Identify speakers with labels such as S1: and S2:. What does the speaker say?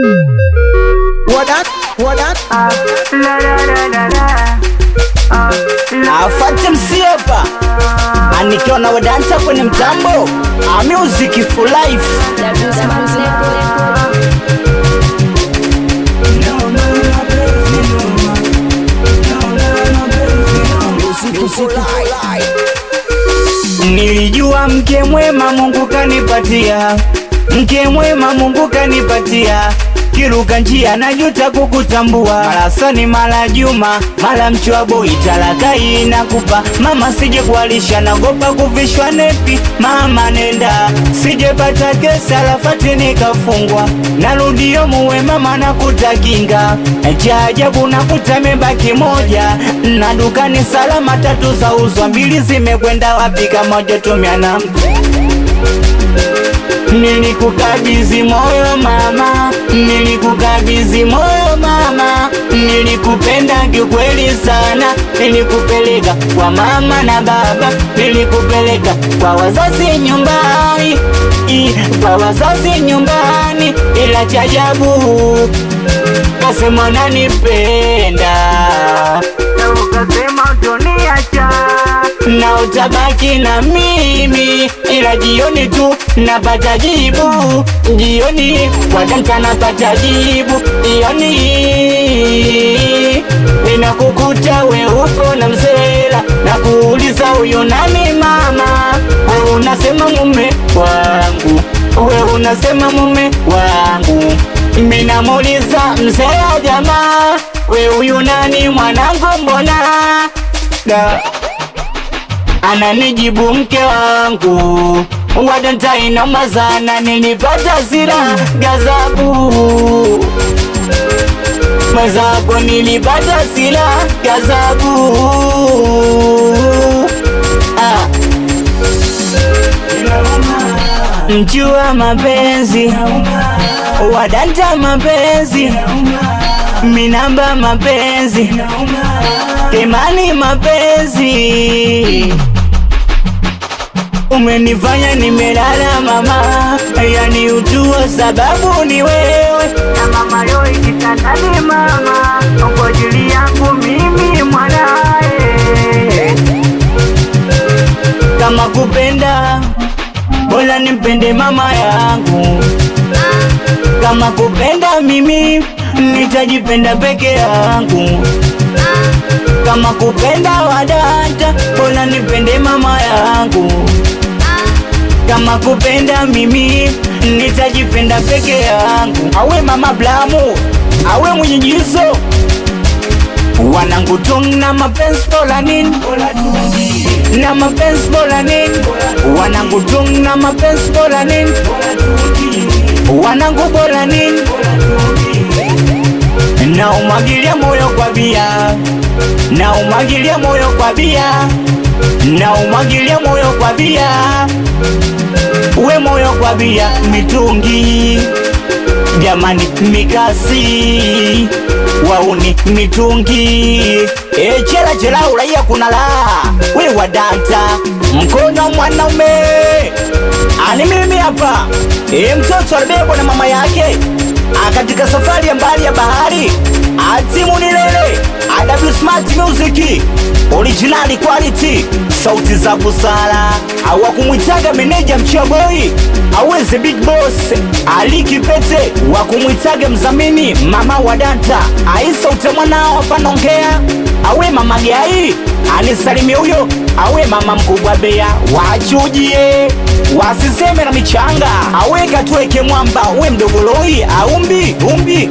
S1: What that? What that?
S2: Ah, la, la, la, la la.
S1: afate msi hapa anikiwa ah, na wadansa kwenye mtambo amuziki ah, for life Nilijua mke mwema Mungu kanipatia, mke mwema Mungu kanipatia kiruka njia na juta kukutambua, mara Soni mara Juma mara mchwa boi, talaka inakupa mama, sije kualisha nagopa kuvishwa nepi mama, nenda sijepata kesa lafati nikafungwa, narudio muwe mama nakuta kinga cha ajabu nakuta mebaki moja na dukani salama, tatu za uzwa mbili zimekwenda wapi? Kamoja tumia na nini moyo ma nikukabidhi moyo mama, nilikupenda kikweli sana, nilikupeleka kwa mama na baba, nilikupeleka kwa wazazi nyumbani, kwa wazazi nyumbani, ila cha ajabu kasema nanipenda
S2: na ukasema
S1: na utabaki na mimi, ila jioni tu napata jibu, jioni wadanta napata jibu, jioni ninakukuta we uko na msela, nakuuliza huyo nami mama, we unasema mume wangu, we unasema mume wangu, minamuuliza msela jamaa, we huyu nani mwanangu, mbona da ananijibu mke wangu wadantainaumazana nilipata hasira gazabu mwenzako nilipata hasira gazabu ah. Mjua mapenzi wadanta mapenzi minamba mapenzi temani mapenzi Umenifanya nimelala mama, yani ujua sababu ni wewe
S2: na mama, leo kitandani mama, kwa yangu mimi mwanae.
S1: Kama kupenda bora nimpende mama yangu, kama kupenda mimi nitajipenda peke yangu kama kupenda wadata, bora nipende mama yangu kama kupenda mimi nitajipenda peke yangu, awe mama blamu awe mwenye jiso wanangu tong na mapenzi pola nini na mapenzi pola nini wanangu tong na mapenzi pola nini wanangu pola nini na umwagilia moyo kwa bia na umwagilia moyo kwa bia na umwagilia moyo kwa bia, we moyo kwa bia, mitungi jamani, mikasi wauni, mitungi e, chela chela, uraia kunala we wadata mkono mwanaume ani mimi hapa e, mtoto alibebwa na mama yake akatika safari ya mbali ya bahari, atimu nilele adabu Smart Music original quality, sauti za busara. Hawakumwitaga meneja boy, aweze big boss alikipete wakumwitaga mzamini mama wa data. Aisa utemwanao panongea, awe mama gai anisalimie huyo, awe mama mkubwa bea, wachujie wasiseme na michanga, tuweke mwamba, we mdogoloi aumbi umbi